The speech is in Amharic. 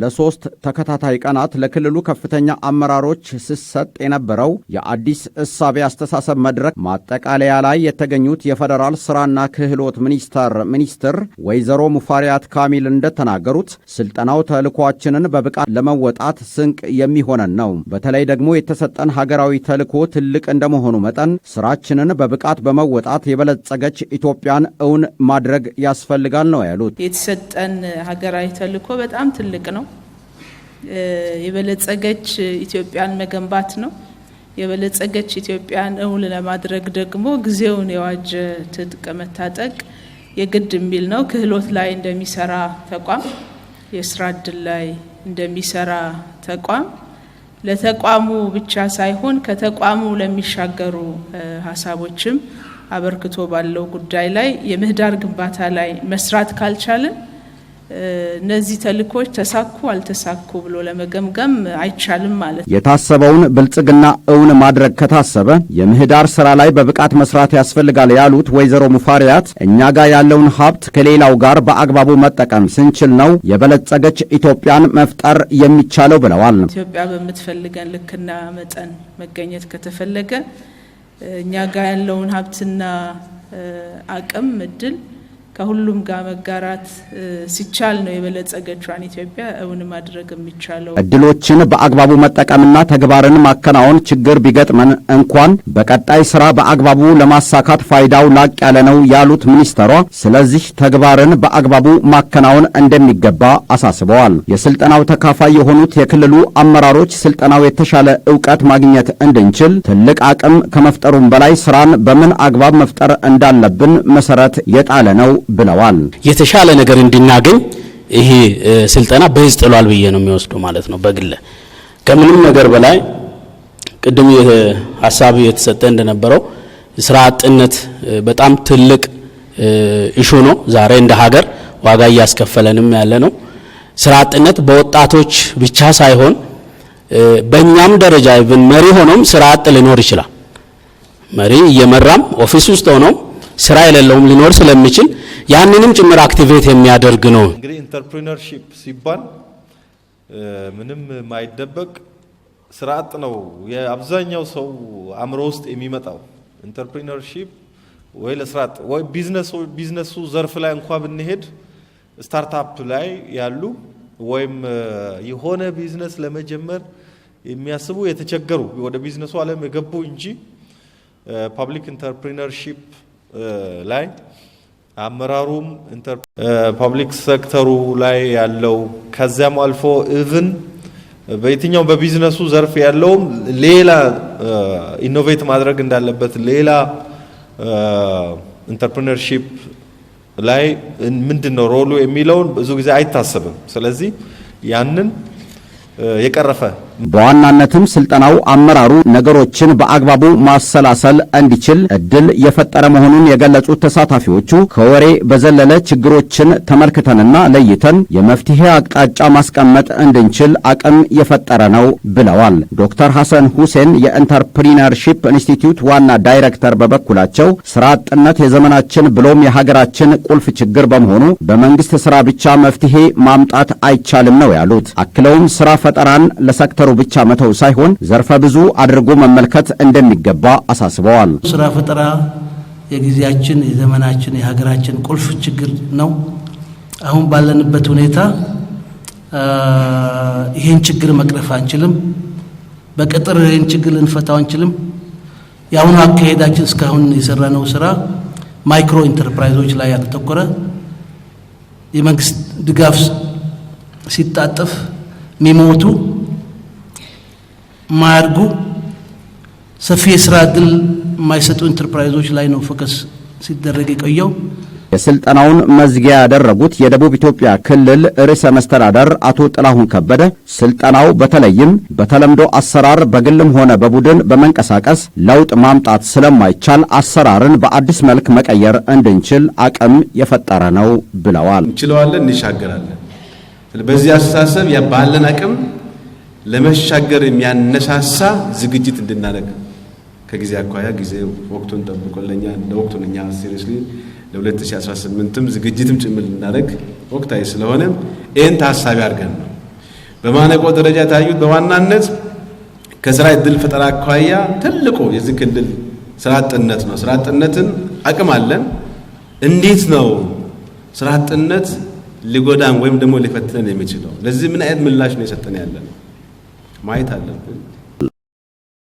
ለሶስት ተከታታይ ቀናት ለክልሉ ከፍተኛ አመራሮች ሲሰጥ የነበረው የአዲስ እሳቤ አስተሳሰብ መድረክ ማጠቃለያ ላይ የተገኙት የፌዴራል ስራና ክህሎት ሚኒስቴር ሚኒስትር ወይዘሮ ሙፋሪያት ካሚል እንደተናገሩት ስልጠናው ተልኳችንን በብቃት ለመወጣት ስንቅ የሚሆነን ነው። በተለይ ደግሞ የተሰጠን ሀገራዊ ተልኮ ትልቅ እንደመሆኑ መጠን ስራችንን በብቃት በመወጣት የበለጸገች ኢትዮጵያን እውን ማድረግ ያስፈልጋል ነው ያሉት። የተሰጠን ሀገራዊ ተልኮ በጣም ትልቅ ነው። የበለጸገች ኢትዮጵያን መገንባት ነው። የበለጸገች ኢትዮጵያን እውን ለማድረግ ደግሞ ጊዜውን የዋጀ ትጥቅ መታጠቅ የግድ የሚል ነው። ክህሎት ላይ እንደሚሰራ ተቋም፣ የስራ እድል ላይ እንደሚሰራ ተቋም ለተቋሙ ብቻ ሳይሆን ከተቋሙ ለሚሻገሩ ሀሳቦችም አበርክቶ ባለው ጉዳይ ላይ የምህዳር ግንባታ ላይ መስራት ካልቻለን እነዚህ ተልእኮች ተሳኩ አልተሳኩ ብሎ ለመገምገም አይቻልም ማለት የታሰበውን ብልጽግና እውን ማድረግ ከታሰበ የምህዳር ስራ ላይ በብቃት መስራት ያስፈልጋል ያሉት ወይዘሮ ሙፋሪያት እኛ ጋር ያለውን ሀብት ከሌላው ጋር በአግባቡ መጠቀም ስንችል ነው የበለጸገች ኢትዮጵያን መፍጠር የሚቻለው ብለዋል። ኢትዮጵያ በምትፈልገን ልክና መጠን መገኘት ከተፈለገ እኛ ጋር ያለውን ሀብትና አቅም እድል ከሁሉም ጋር መጋራት ሲቻል ነው የበለጸገችዋን ኢትዮጵያ እውን ማድረግ የሚቻለው። እድሎችን በአግባቡ መጠቀምና ተግባርን ማከናወን ችግር ቢገጥመን እንኳን በቀጣይ ስራ በአግባቡ ለማሳካት ፋይዳው ላቅ ያለ ነው ያሉት ሚኒስተሯ፣ ስለዚህ ተግባርን በአግባቡ ማከናወን እንደሚገባ አሳስበዋል። የስልጠናው ተካፋይ የሆኑት የክልሉ አመራሮች ስልጠናው የተሻለ እውቀት ማግኘት እንድንችል ትልቅ አቅም ከመፍጠሩም በላይ ስራን በምን አግባብ መፍጠር እንዳለብን መሰረት የጣለ ነው ብለዋል። የተሻለ ነገር እንድናገኝ ይሄ ስልጠና በዝ ጥሏል ብዬ ነው የሚወስደው ማለት ነው። በግለ ከምንም ነገር በላይ ቅድም ሀሳብ የተሰጠ እንደነበረው ስራ አጥነት በጣም ትልቅ እሹ ነው። ዛሬ እንደ ሀገር ዋጋ እያስከፈለንም ያለ ነው። ስራ አጥነት በወጣቶች ብቻ ሳይሆን በእኛም ደረጃ ብን መሪ ሆኖም ስራ አጥ ሊኖር ይችላል። መሪ እየመራም ኦፊስ ውስጥ ሆኖም ስራ የሌለውም ሊኖር ስለሚችል ያንንም ጭምር አክቲቬት የሚያደርግ ነው። እንግዲህ ኢንተርፕሪነርሺፕ ሲባል ምንም ማይደበቅ ስራ አጥ ነው የአብዛኛው ሰው አእምሮ ውስጥ የሚመጣው ኢንተርፕሪነርሺፕ ወይ ለስራ አጥ ወይ ቢዝነሱ ዘርፍ ላይ እንኳ ብንሄድ ስታርታፕ ላይ ያሉ ወይም የሆነ ቢዝነስ ለመጀመር የሚያስቡ የተቸገሩ ወደ ቢዝነሱ ዓለም የገቡ እንጂ ፓብሊክ ኢንተርፕሪነርሺፕ ላይ አመራሩም ፐብሊክ ሴክተሩ ላይ ያለው ከዚያም አልፎ ኢቭን በየትኛው በቢዝነሱ ዘርፍ ያለውም ሌላ ኢኖቬት ማድረግ እንዳለበት ሌላ ኢንተርፕርነርሺፕ ላይ ምንድን ነው ሮሉ የሚለውን ብዙ ጊዜ አይታሰብም። ስለዚህ ያንን የቀረፈ በዋናነትም ስልጠናው አመራሩ ነገሮችን በአግባቡ ማሰላሰል እንዲችል እድል የፈጠረ መሆኑን የገለጹት ተሳታፊዎቹ ከወሬ በዘለለ ችግሮችን ተመልክተንና ለይተን የመፍትሄ አቅጣጫ ማስቀመጥ እንድንችል አቅም የፈጠረ ነው ብለዋል። ዶክተር ሐሰን ሁሴን የኢንተርፕሪነርሺፕ ኢንስቲትዩት ዋና ዳይሬክተር በበኩላቸው ስራ አጥነት የዘመናችን ብሎም የሀገራችን ቁልፍ ችግር በመሆኑ በመንግስት ስራ ብቻ መፍትሄ ማምጣት አይቻልም ነው ያሉት። አክለውም ስራ ፈጠራን ለሰክተ በመፍጠሩ ብቻ መተው ሳይሆን ዘርፈ ብዙ አድርጎ መመልከት እንደሚገባ አሳስበዋል። ስራ ፈጠራ የጊዜያችን፣ የዘመናችን፣ የሀገራችን ቁልፍ ችግር ነው። አሁን ባለንበት ሁኔታ ይህን ችግር መቅረፍ አንችልም። በቅጥር ይህን ችግር ልንፈታው አንችልም። የአሁኑ አካሄዳችን እስካሁን የሰራነው ስራ ማይክሮ ኢንተርፕራይዞች ላይ ያተተኮረ የመንግስት ድጋፍ ሲጣጠፍ የሚሞቱ ማያድጉ ሰፊ የስራ እድል የማይሰጡ ኢንተርፕራይዞች ላይ ነው ፎከስ ሲደረግ የቆየው። የስልጠናውን መዝጊያ ያደረጉት የደቡብ ኢትዮጵያ ክልል ርዕሰ መስተዳደር አቶ ጥላሁን ከበደ ስልጠናው በተለይም በተለምዶ አሰራር በግልም ሆነ በቡድን በመንቀሳቀስ ለውጥ ማምጣት ስለማይቻል አሰራርን በአዲስ መልክ መቀየር እንድንችል አቅም የፈጠረ ነው ብለዋል። እንችለዋለን፣ እንሻገራለን። በዚህ አስተሳሰብ ባለን አቅም ለመሻገር የሚያነሳሳ ዝግጅት እንድናደርግ ከጊዜ አኳያ ጊዜ ወቅቱን ጠብቆለኛ ለወቅቱን እኛ ሲሪየስሊ ለ2018ም ዝግጅትም ጭምር ልናደርግ ወቅታዊ ስለሆነ ይህን ታሳቢ አድርገን ነው። በማነቆ ደረጃ የታዩት በዋናነት ከስራ እድል ፈጠራ አኳያ ትልቁ የዚህ ክልል ስራ አጥነት ነው። ስራ አጥነትን አቅም አለን። እንዴት ነው ስራ አጥነት ሊጎዳን ወይም ደግሞ ሊፈትነን የሚችለው? ለዚህ ምን አይነት ምላሽ ነው የሰጠን ያለ ነው? ማየት አለብን።